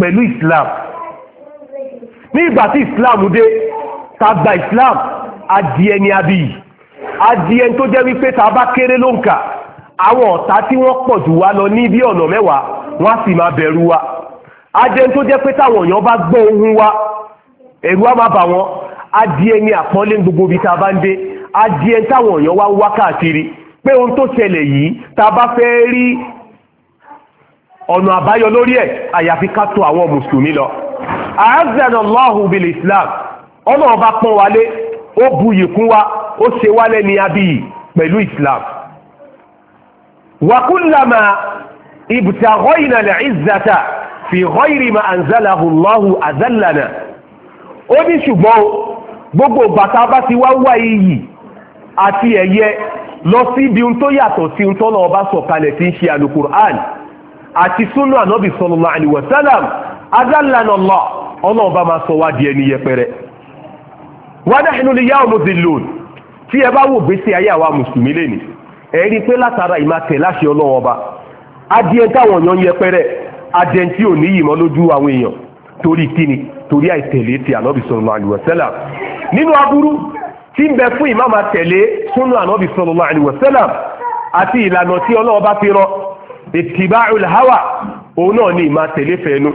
pẹ̀lú Islam ní ìgbà tí Islam dé ta Islam adìẹ ni abiyì adìẹ tó jẹ́ wípé ta bá kéré ló ń kà àwọn ọ̀tá tí wọ́n pọ̀ jù wá lọ ní bí ọ̀nà mẹ́wàá wọ́n á sì máa bẹ̀rù wa adìẹ tó jẹ́ pé táwọn èèyàn bá gbọ́ ohun wa ẹ̀rù á máa bà wọ́n adìẹ ni àpọ́nlé gbogbo ibi tá a bá ń dé adìẹ táwọn èèyàn wá ń wá káàkiri pé ohun tó ṣẹlẹ̀ yìí tá a bá fẹ́ rí ọ̀nà àbáyọ lórí ẹ̀ àyàfi ká tọ̀ àwọn mùsùlùmí lọ. àázẹ̀nà lọ́hùn bíi islam ọ̀nà ọba pọ́n wálé ó buyì kún wa ó ṣe wálé ní abiyì pẹ̀lú islam. wàkúndàmà ibùtàgọ́ ìnànà ìzàtà fi ghayri ma anzalahu Allahu azallana ó ní ṣùgbọ́n gbogbo bàtà bá ti wá wá iyì àti ẹ̀yẹ lọ sí ibi ohun tó yàtọ̀ sí ohun ọba sọ̀kalẹ̀ tí ń ṣe alukur'an àti sunna anabi sallallahu máa sọ wá di ẹni yẹpẹrẹ wa nahnu al-yawma dhillun tí ẹ bá wò gbèsè ayé àwa mùsùlùmí lẹ́nu ẹ rí ọba adìẹ táwọn èèyàn yẹpẹrẹ adìẹ tí ò ní lójú àwọn èèyàn torí kíni torí àìtẹ̀lé ti tí ń bẹ fún ìmáàmà tẹ̀lé súnú ànábì sallallahu alaihi wasallam àti ìlànà tí ọlọ́wọ́ bá fi rán ittiba'ul hawa òun náà ni ìmáà tẹ̀lé fẹ́nu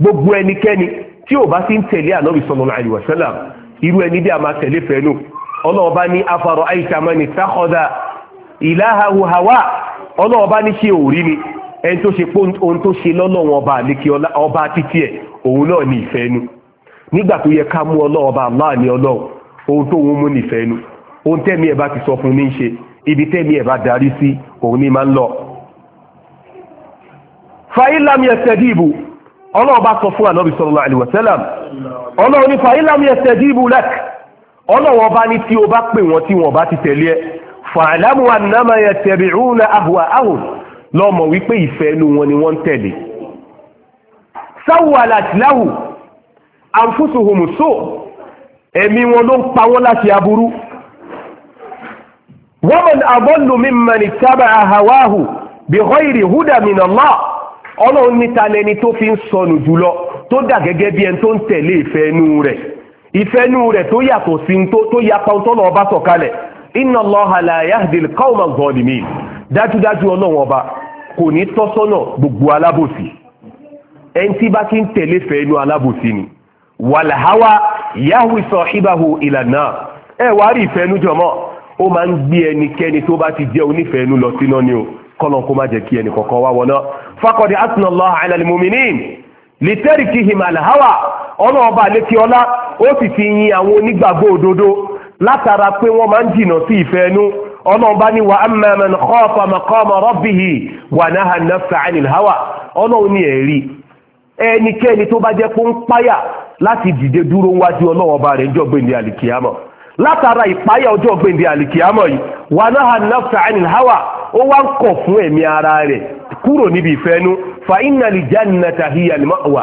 gbogbo ẹnikẹ́ni tí ò bá ti ń tẹ̀lé ànábì sallallahu alaihi wasallam irú ẹni bí a máa tẹ̀lé fẹ́nu ọlọ́wọ́ bá ní afárọ̀ àyíká mani sákọ̀dà ìlàhàwù hawa ọlọ́wọ́ bá ní ṣe òrí ohun tó wọn mú nífẹ̀ẹ́ nu ohun tẹ́mi ẹ̀ bá ti sọ fún ní ṣe ibi tẹ́mi ẹ̀ bá darí sí òun ni máa ń lọ. fàyílàmì ẹsẹ̀ dìbò ọlọ́run bá sọ fún ànábì sallallahu alaihi wasallam ọlọ́run ní fàyílàmì ẹsẹ̀ dìbò lẹ́k ọlọ́run ọba ní tí o bá pè wọ́n tí wọ́n bá ti ẹ̀mí wọn ló ń pa wọ́n láti aburú waman adallu mimman ittaba'a hawahu bighayri huda min Allah ọlọ́run níta lẹni tó fi ń sọnù jùlọ tó dà gẹ́gẹ́ bí ẹni tó ń tẹ̀lé ìfẹ́ inú rẹ̀ ìfẹ́ inú rẹ̀ tó yàtọ̀ sí tó yapa tó lọ́ọ́ bá sọ̀kalẹ̀ inna Allaha la yahdil qawma zalimin dájúdájú ọlọ́run ọba kò ní tọ́sọ́nà gbogbo alábòsí ẹni tí bá ti ń tẹ̀lé ìfẹ́ inú alábòsí ni wàlàháwá yahwi sọ̀híbáhu ìlànà ẹ wàá rí ìfẹ́nu jọmọ́ ó máa ń gbé ẹnikẹ́ni tó bá ti jẹ́ onífẹ́nu lọ sínú ni o kọ́lọ̀ kó má jẹ́ kí ẹnì kọ̀ọ̀kan wá wọná fakọ̀dé atúnọ̀lọ́ àìlàlímùmínín lìtẹ́rì kí him àlàháwà ọ̀nà ọba àlékí ọlá ó sì ti yin àwọn onígbàgbọ́ òdodo látara pé wọ́n máa ń jìnà sí ìfẹ́ ọ̀nà ọba ní wa amma man khafa maqama wà náà nafsa anil ọ̀nà òní ẹ̀rí ẹnikẹ́ni tó bá jẹ́ pé lati ń páyà láti dìde dúró wájú ọlọ́wọ́ ọba rẹ̀ ọjọ́ gbèǹde àlìkìyàmọ̀ látara ìpáyà ọjọ́ gbèǹde àlìkìyàmọ̀ yìí wà náà hàn hawa ó wá ń kọ̀ fún ẹ̀mí ara rẹ̀ kúrò níbi ìfẹ́nu fa inna li jannata hiya al ma'wa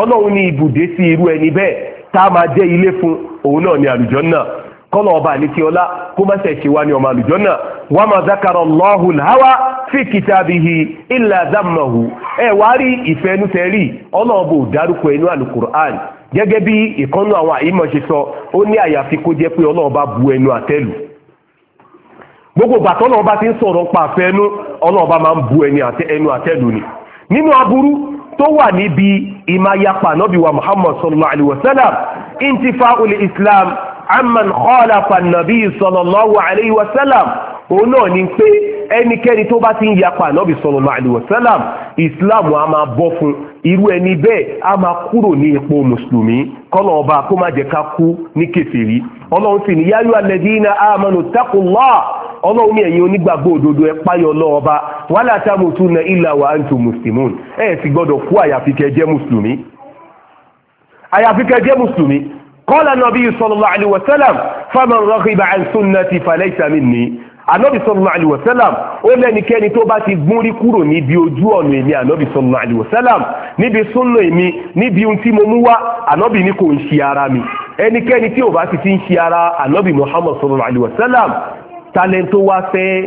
ọlọ́run ní ibùdé sí irú ẹni bẹ́ẹ̀ tá a máa jẹ́ ilé fún òun náà ní kọlọ ọba àníkí ọlá kó má ṣe ṣe wá ní ọmọ àlùjọ náà wà má zákàrọ̀ lọ́hùn hawa fi kìtàbíhi ilà ẹ wá rí ìfẹ́ ẹnu tẹ rí ọ̀nà dárúkọ ẹnu alukur'an gẹ́gẹ́ bí ìkọ́nú àwọn àyímọ̀ ṣe sọ ó ní àyàfi kó jẹ́ pé bu ẹnu àtẹ́lù gbogbo ti ń sọ̀rọ̀ pa àfẹ́ ẹnu máa ń bu ẹnu àtẹ́lù ni nínú aburú tó wà Muhammad sallallahu alayhi wa sallam intifa islam amman khalafa an-nabi sallallahu alayhi wa sallam òun náà ni pé ẹnikẹ́ni tó bá ti ń yapa ànábì sallallahu alayhi wa sallam ìsìláàmù a máa bọ́ fún irú ẹni bẹ́ẹ̀ a máa kúrò ní ipò mùsùlùmí kọ́nà ọba kó má jẹ́ ká kú ní kèfèrí ọlọ́run sì ní ya ayyuha alladhina amanu taqullah ọlọ́run ní ẹ̀yin onígbàgbọ́ òdodo ẹ páyọ lọ́ọba wala tamutunna illa wa antum muslimun ẹ̀ sì gbọ́dọ̀ kú àyàfi kẹ́ mùsùlùmí àyàfi kẹ́ mùsùlùmí kọ́lá nàbí sallallahu alaihi wasallam faman raghiba an sunnati falaysa minni ànábì sallallahu alaihi wasallam ó lẹ́nikẹ́ni tó bá ti gún rí kúrò níbi ojú ọ̀nà èmi ànábì sallallahu alaihi wasallam níbi sunna èmi níbi ohun tí mo mú wá ànábì ní kò ń ṣe ara mi ẹnikẹ́ni tí ò bá ti ti ń ṣe ara ànábì muhammad sallallahu alaihi wasallam talento wa fẹ́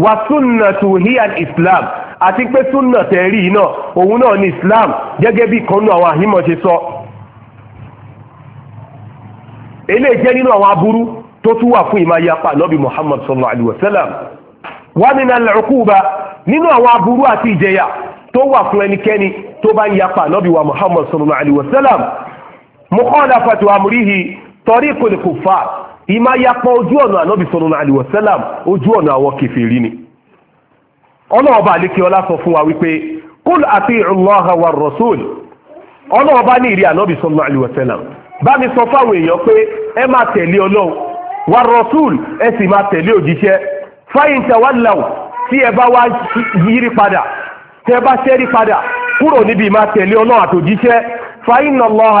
wa sunnatu an islam àti pé súnà tẹ̀rí náà òun náà ni islam gẹ́gẹ́ bí kan nínú àwọn àhímọ̀ ṣe sọ eléyìí jẹ́ nínú àwọn aburú tó tún wà fún ìmáyapa nọ́bí muhammad sallallahu alaihi wasallam wa min al-uquba nínú àwọn aburú àti ìjẹyà tó wà fún ẹnikẹ́ni tó bá ń yapa nọ́bí wa muhammad sallallahu alaihi wasallam mukhalafatu amrihi tariqul kuffar ìmá yapọ̀ ojú ọ̀nà ànábì sallallahu alaihi wasallam ojú ọ̀nà àwọn kèfèrí ni ọlọ́ọ̀bá àlékè ọlá sọ fún wa wípé kúl ati'u Allaha war rasul ọlọ́ọ̀bá ní ìrí ànábì sallallahu alaihi wasallam bá mi sọ fáwọn èèyàn pé ẹ máa tẹ̀lé ọlọ́run war rasul ẹ sì máa tẹ̀lé òjíṣẹ́ fa in tawallaw tí ẹ bá wá yírí padà tẹ bá ṣẹ́rí padà kúrò níbi máa tẹ̀lé ọlọ́run àtòjíṣẹ́ fa inna Allaha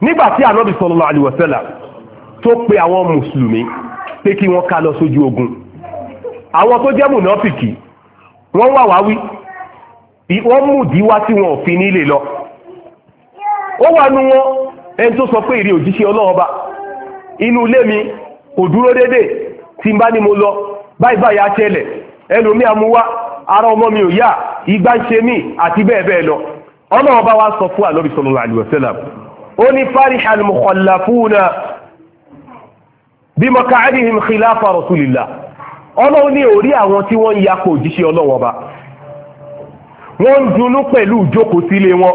nígbà tí ànábì sallallahu alaihi wasallam tó pe àwọn mùsùlùmí pé kí wọ́n ká lọ sójú ogun àwọn tó jẹ́ mùnáfìkì wọ́n wà wá wí wọ́n mú ìdíwá tí wọn ò fi nílé lọ ó wà nú wọn ẹni tó sọ pé ìrì òjíṣẹ́ ọlọ́run ọba inú ilé mi kò dúró déédéé tí n bá ní mo lọ báyìí báyìí á ṣẹlẹ̀ ẹlòmíì amúwá ara ọmọ mi ò yá igbá ń ṣe mí àti bẹ́ẹ̀ bẹ́ẹ̀ lọ ọlọ́run ọba wa sọ fún ànábì sallallahu alaihi wasallam ó ní fariha al-mukhallafuna bí maq'adihim khilafa rasulillah ọlọ́run ní orí àwọn tí wọ́n ń yakò òjíṣẹ́ ọlọ́wọ́ ba wọ́n ń dunnú pẹ̀lú ìjókòó sílé wọn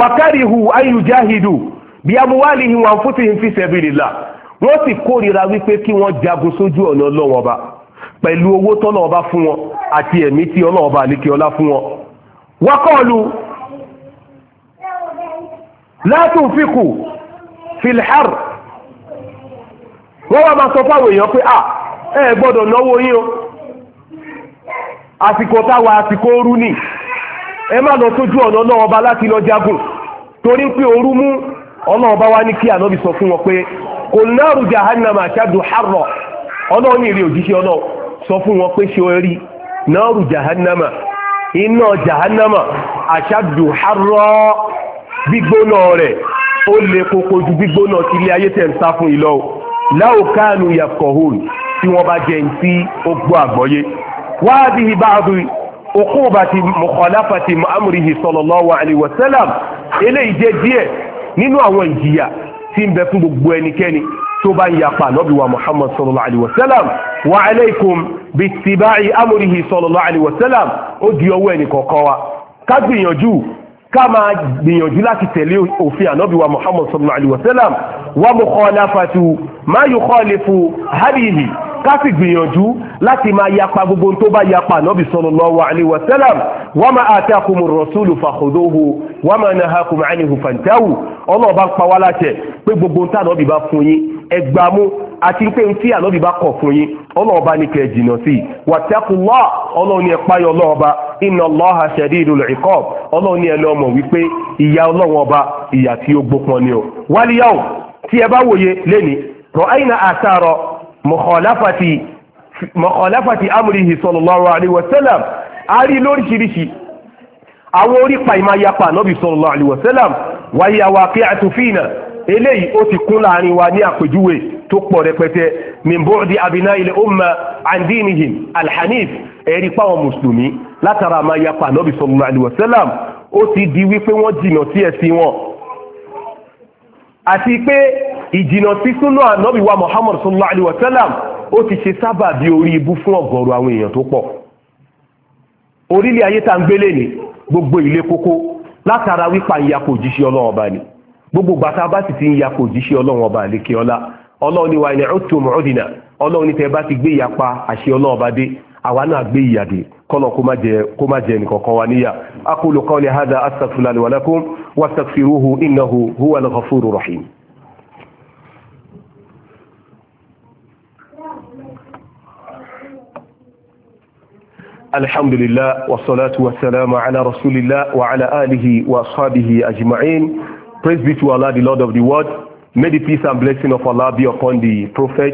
wakarihu ayujahidu bí amuwalihim wa anfusihim fi sabilillah wọ́n sì kórira wípé kí wọ́n jagun sójú ọ̀nà ọlọ́wọ́ ba pẹ̀lú owó tọ́lọ́wọ́ fún wọn àti ẹ̀mí tí ọlọ́wọ́ bá àlékè ọlá fún wọn waqalu la tunfiqu fil har wọ́n wá máa sọ fáwọn èèyàn pé à ah, ẹ gbọ́dọ̀ náwó yín o àsìkò táwa àsìkò oru ni ẹ má lọ sójú ọ̀nà náà ọba láti lọ jagun torí pé ooru mú ọlọ́run bá wá ní kí sọ fún wọn pé kò náàrú jahannama ashaddu harra ọlọ́run ní ìrè òjíṣẹ́ ọlọ́run sọ fún wọn pé ṣe rí jahannama iná jahannama gbígbóná rẹ̀ ó le koko ju gbígbóná ti ilé ayé tẹ̀ ń sá fún ilọ́ láòkáànù yafkohun tí wọ́n bá jẹ́ ti ó gbọ́ àgbọ́yé wáàbí ibáàbí okóòbàtì mọ̀kànláfàtì amúrihì sallallahu alaihi wasallam eléyìí jẹ́ díẹ̀ nínú àwọn ìjìyà tí ń bẹ fún gbogbo ẹnikẹ́ni tó bá ń yapa nọ́bí wa muhammad sallallahu alaihi wasallam wa aleikum bí tibáì amúrihì sallallahu alaihi wasallam ó di ọwọ́ ẹnì wa ká gbìyànjú ká máa gbìyànjú láti tẹ̀lé òfin ànábì wa muhammad sallallahu alayhi wa sallam wa mukhalafatu ma yukhalifu hadihi ká sì gbìyànjú láti máa yapa gbogbo tó bá yapa ànábì sallallahu alayhi wa sallam wa ma atakumur rasulu fakhuduhu wa ma nahakum anhu fantahu ọlọ́ọ̀bá ń pa wá láṣẹ pé gbogbo tá ànábì bá fún yín ẹgbàmú àti pé tí ànábì bá kọ̀ fún yín ọlọ́ọ̀ba ní kẹ́ jìnnà sí i wattaqullah ọlọ́run ní ẹ páyọ ọlọ́ọ̀ba inna Allaha shadidul iqab ọlọ́run ní ẹ lọ́mọ wípé ìyà ọlọ́run ọba ìyà tí ó gbópọn ni o. wálíyàwó tí ẹ bá wòye lẹ́ni ra'ayna athara mukhalafati mukhalafati amrihi sallallahu alayhi wa sallam a eléyìí ó ti kún láàrin wa ní àpèjúwe tó pọ̀ rẹpẹtẹ mimboodi abiná ilẹ̀ umma andinihim alhanif ẹ̀rí páwọn mùsùlùmí látara àmà yapa nọ́bì sallallahu alaihi wasallam ó ti di wípé wọ́n jìnà sí ẹ̀sìn wọn àti pé ìjìnà sí súnà ànọ́bì wa muhammad sallallahu alaihi wasallam ó ti ṣe sábà bí orí ibú fún ọ̀gọ̀rọ̀ àwọn èèyàn tó pọ̀ orílẹ̀ ayé tá ń gbélé ní gbogbo ilé kókó látara wípa ìyàpò òjíṣẹ́ ọlọ́run gbogbo bàtà bá sì ti ń yakò jíṣẹ́ ọlọ́run ọba àlekè ọlá ọlọ́run ni wa ni ọ̀tún mọ̀ọ́dínà ọlọ́run ni tẹ́ bá ti gbé ìyapa àṣẹ ọlọ́run ọba dé àwa náà gbé ìyàdé kọ́nà kó má jẹ nìkankan wa níyà aqulu qawli hadha astaghfirullahi wa lakum wastaghfiruhu innahu huwal ghafurur rahim. الحمد لله والصلاة والسلام على رسول الله وعلى آله وأصحابه أجمعين Praise be to Allah, the Lord of the world. May the peace and blessing of Allah be upon the Prophet.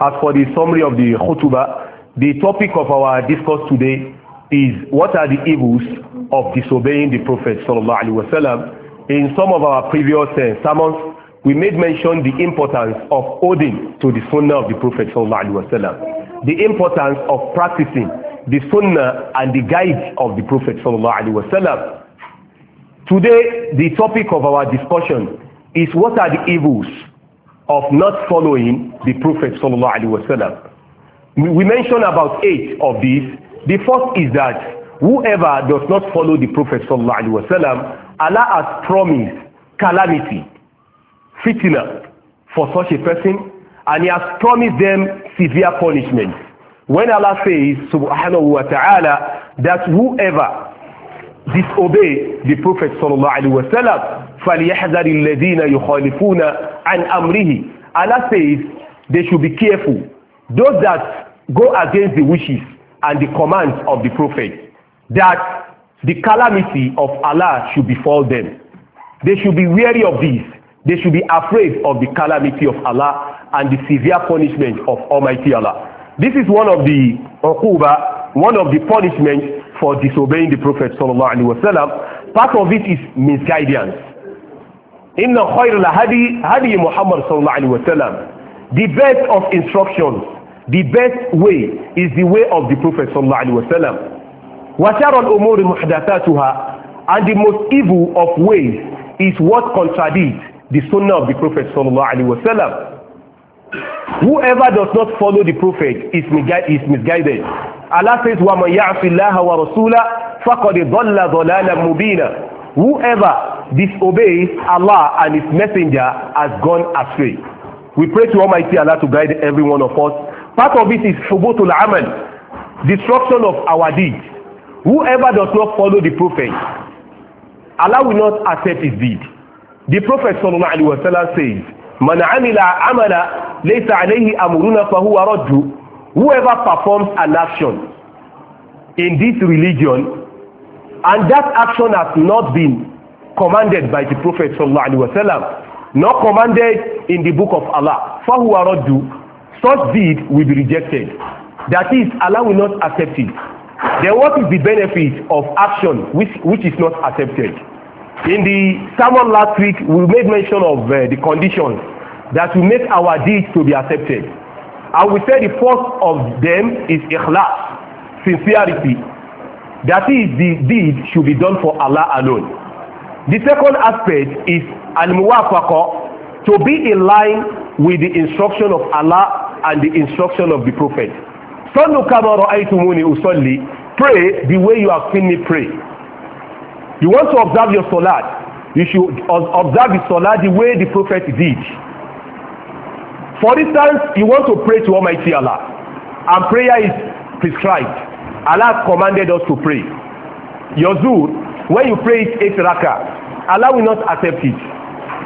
As for the summary of the khutbah, the topic of our discourse today is what are the evils of disobeying the Prophet sallallahu alaihi wasallam. In some of our previous uh, sermons, we made mention the importance of holding to the sunnah of the Prophet sallallahu alaihi wasallam, the importance of practicing the sunnah and the guide of the Prophet sallallahu alaihi wasallam Today, the topic of our discussion is what are the evils of not following the Prophet sallallahu wasallam. We mentioned about eight of these. The first is that whoever does not follow the Prophet sallallahu wasallam, Allah has promised calamity, fitna for such a person, and He has promised them severe punishment. When Allah says, subhanahu wa ta'ala, that whoever disobey the Prophet sallallahu alaihi wasallam فَلْيَحْذَرِ الَّذِينَ يُخَالِفُونَ عَنْ أَمْرِهِ Allah says they should be careful those that go against the wishes and the commands of the Prophet that the calamity of Allah should befall them they should be wary of this they should be afraid of the calamity of Allah and the severe punishment of Almighty Allah this is one of the uquba one of the punishments for disobeying the Prophet sallallahu alaihi wasallam. Part of it is misguidance. Inna khairul hadi hadi Muhammad sallallahu alaihi wasallam. The best of instructions, the best way is the way of the Prophet sallallahu alaihi wasallam. Wa sharrul umuri muhdathatuha and the most evil of ways is what contradicts the sunnah of the Prophet sallallahu alaihi wasallam. Whoever does not follow the Prophet is misguided aláṣẹ́sì wa man ya'si Allaha wa rasulahu faqad dhalla dhalalan mubina whoever disobeys Allah and his messenger has gone astray we pray to Almighty Allah to guide every one of us part of it is hubutul amal destruction of our deeds whoever does not follow the prophet Allah will not accept his deed the prophet sallallahu alaihi wasallam says man amila amala laysa alayhi amruna fahuwa raddu whoever performs an action in this religion and that action has not been commanded by the prophet sallallahu alaihi wasallam not commanded in the book of Allah fahuwa raddu such deed will be rejected that is Allah will not accept it then what is the benefit of action which which is not accepted in the sermon last week we made mention of uh, the conditions that will make our deed to be accepted And we say the first of them is ikhlas, sincerity. That is, the deed should be done for Allah alone. The second aspect is al-muwafaqa, to be in line with the instruction of Allah and the instruction of the Prophet. Sonu kama aitumuni usalli, pray the way you have seen me pray. You want to observe your salat, you should observe the salat the way the Prophet did. For instance, you want to pray to Almighty Allah, and prayer is prescribed. Allah commanded us to pray. Your zuhr, when you pray it eight raka, Allah will not accept it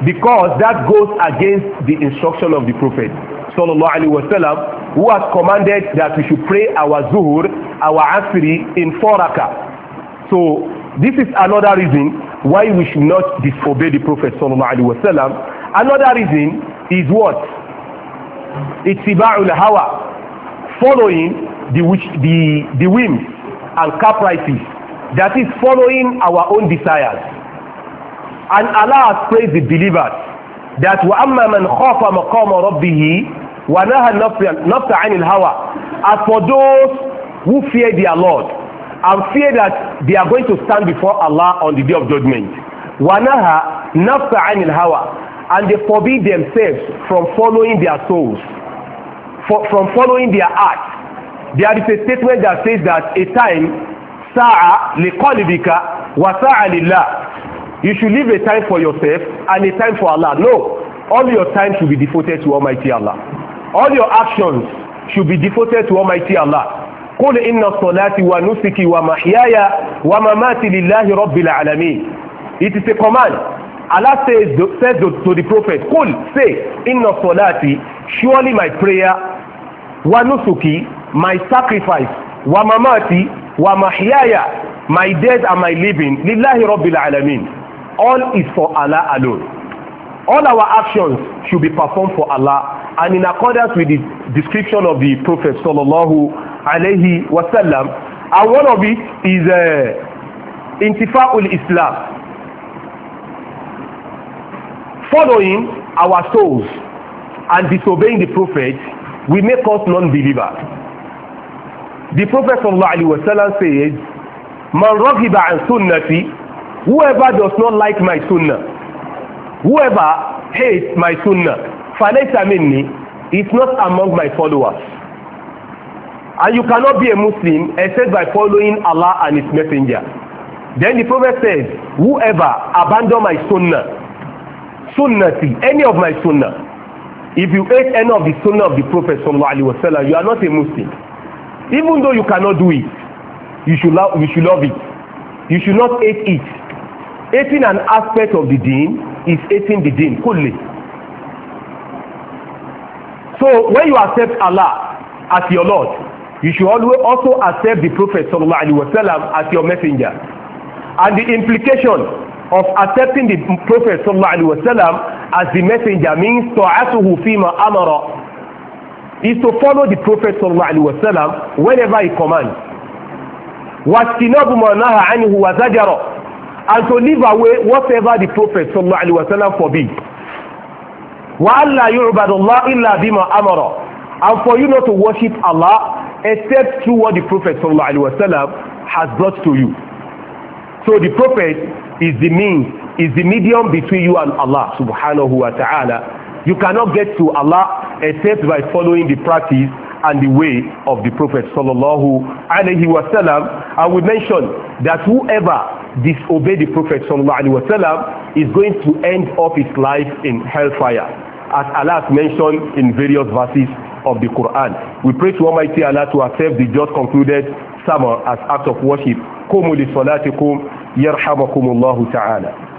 because that goes against the instruction of the Prophet sallallahu alaihi wasallam who has commanded that we should pray our zuhr our asri in four raka. so this is another reason why we should not disobey the prophet sallallahu alaihi wasallam another reason is what ittiba'ul hawa following the which the the whims and caprices that is following our own desires and Allah has praised the believers that wa amma man khafa maqama rabbihi wa naha nafsa 'anil hawa as for those who fear their Lord and fear that they are going to stand before Allah on the day of judgment wa naha nafsa 'anil hawa and they forbid themselves from following their souls, for, from following their heart. There is a statement that says that a time, sa'a liqalibika wa sa'a lillah. You should leave a time for yourself and a time for Allah. No, all your time should be devoted to Almighty Allah. All your actions should be devoted to Almighty Allah. قل إن صلاتي ونسكي ومحياي ومماتي لله رب العالمين. It is a command Allah says, says to the prophet, Qul, say, Inna salati, surely my prayer, wa nusuki, my sacrifice, wa mamati, wa mahyaya, my death and my living, lillahi rabbil alamin. All is for Allah alone. All our actions should be performed for Allah and in accordance with the description of the prophet sallallahu alayhi wa sallam. And one of it is uh, intifa'ul Islam following our souls and disobeying the prophet will make us non-believers. The Prophet sallallahu alaihi wasallam says, Man raghiba an sunnati, whoever does not like my sunnah, whoever hates my sunnah, falaysa minni, is not among my followers. And you cannot be a Muslim except by following Allah and his messenger. Then the Prophet says, whoever abandon my sunnah, sunnati any of my sunnah if you hate any of the sunnah of the prophet sallallahu alaihi wasallam you are not a muslim even though you cannot do it you should love you should love it you should not hate it hating an aspect of the deen is hating the deen kulli so when you accept Allah as your lord you should always also accept the prophet sallallahu alaihi wasallam as your messenger and the implication of accepting the Prophet sallallahu alaihi wasallam as the messenger means to ta'atuhu fima amara is to follow the Prophet sallallahu alaihi wasallam whenever he commands. wastinabu ma naha anhu wa zajara and to leave away whatever the Prophet sallallahu alaihi wasallam forbids. wa alla yu'badu Allah illa bima amara and for you not to worship Allah except through what the Prophet sallallahu alaihi wasallam has brought to you. So the prophet is the means, is the medium between you and Allah subhanahu wa ta'ala. You cannot get to Allah except by following the practice and the way of the prophet sallallahu alayhi wa sallam. I will mention that whoever disobey the prophet sallallahu alayhi wa sallam is going to end up his life in hellfire. As Allah has mentioned in various verses of the Quran. We pray to Almighty Allah to accept the just concluded sermon as act of worship. قوموا لصلاتكم يرحمكم الله تعالى